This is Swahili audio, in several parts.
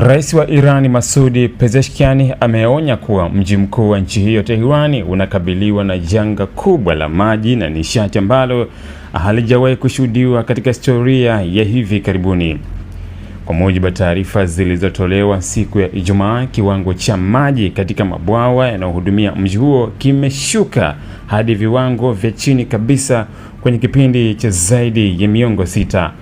Rais wa Iran Masudi Pezeshkian ameonya kuwa mji mkuu wa nchi hiyo Tehran unakabiliwa na janga kubwa la maji na nishati ambalo halijawahi kushuhudiwa katika historia ya hivi karibuni. Kwa mujibu wa taarifa zilizotolewa siku ya Ijumaa, kiwango cha maji katika mabwawa yanayohudumia mji huo kimeshuka hadi viwango vya chini kabisa kwenye kipindi cha zaidi ya miongo sita.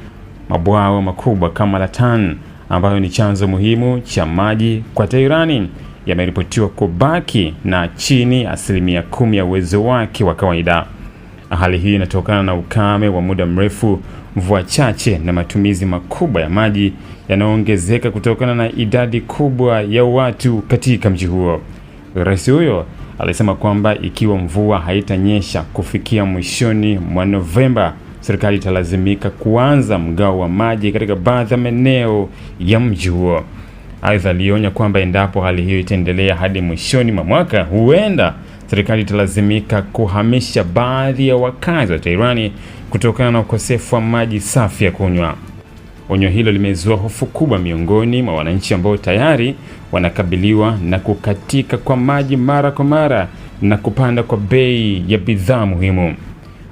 Mabwawa makubwa kama Latan ambayo ni chanzo muhimu cha maji kwa Teherani yameripotiwa kubaki na chini asilimia kumi ya uwezo wake wa kawaida. Hali hii inatokana na ukame wa muda mrefu, mvua chache na matumizi makubwa ya maji yanayoongezeka kutokana na idadi kubwa ya watu katika mji huo. Rais huyo alisema kwamba ikiwa mvua haitanyesha kufikia mwishoni mwa Novemba serikali italazimika kuanza mgao wa maji katika baadhi ya maeneo ya mji huo. Aidha, alionya kwamba endapo hali hiyo itaendelea hadi mwishoni mwa mwaka, huenda serikali italazimika kuhamisha baadhi ya wakazi wa Tairani kutokana na ukosefu wa maji safi ya kunywa. Onyo hilo limezua hofu kubwa miongoni mwa wananchi ambao tayari wanakabiliwa na kukatika kwa maji mara kwa mara na kupanda kwa bei ya bidhaa muhimu.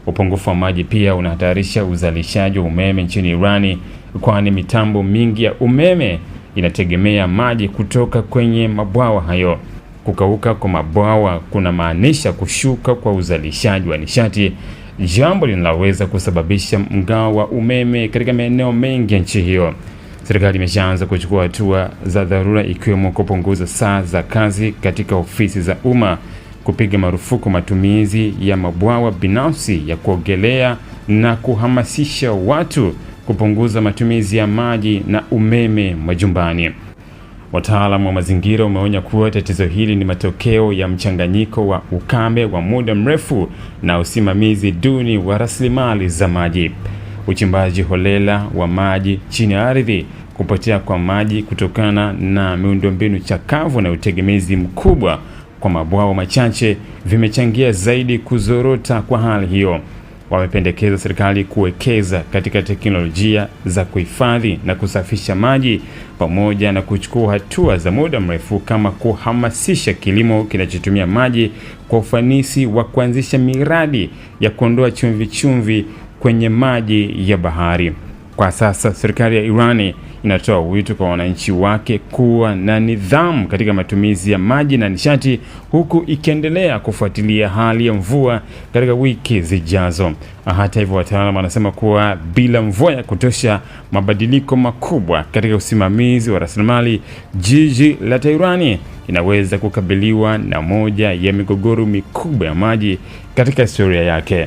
Upungufu wa maji pia unahatarisha uzalishaji wa umeme nchini Irani, kwani mitambo mingi ya umeme inategemea maji kutoka kwenye mabwawa hayo. Kukauka kwa mabwawa kunamaanisha kushuka kwa uzalishaji wa nishati, jambo linaloweza kusababisha mgao wa umeme katika maeneo mengi ya nchi hiyo. Serikali imeshaanza kuchukua hatua za dharura, ikiwemo kupunguza saa za kazi katika ofisi za umma kupiga marufuku matumizi ya mabwawa binafsi ya kuogelea na kuhamasisha watu kupunguza matumizi ya maji na umeme majumbani. Wataalamu wa mazingira wameonya kuwa tatizo hili ni matokeo ya mchanganyiko wa ukame wa muda mrefu na usimamizi duni wa rasilimali za maji. Uchimbaji holela wa maji chini ya ardhi, kupotea kwa maji kutokana na miundombinu chakavu na utegemezi mkubwa kwa mabwawa machache vimechangia zaidi kuzorota kwa hali hiyo. Wamependekeza serikali kuwekeza katika teknolojia za kuhifadhi na kusafisha maji pamoja na kuchukua hatua za muda mrefu kama kuhamasisha kilimo kinachotumia maji kwa ufanisi wa kuanzisha miradi ya kuondoa chumvi chumvi kwenye maji ya bahari. Kwa sasa serikali ya Irani inatoa wito kwa wananchi wake kuwa na nidhamu katika matumizi ya maji na nishati, huku ikiendelea kufuatilia hali ya mvua katika wiki zijazo. Hata hivyo, wataalamu wanasema kuwa bila mvua ya kutosha, mabadiliko makubwa katika usimamizi wa rasilimali, jiji la tairani inaweza kukabiliwa na moja ya migogoro mikubwa ya maji katika historia yake.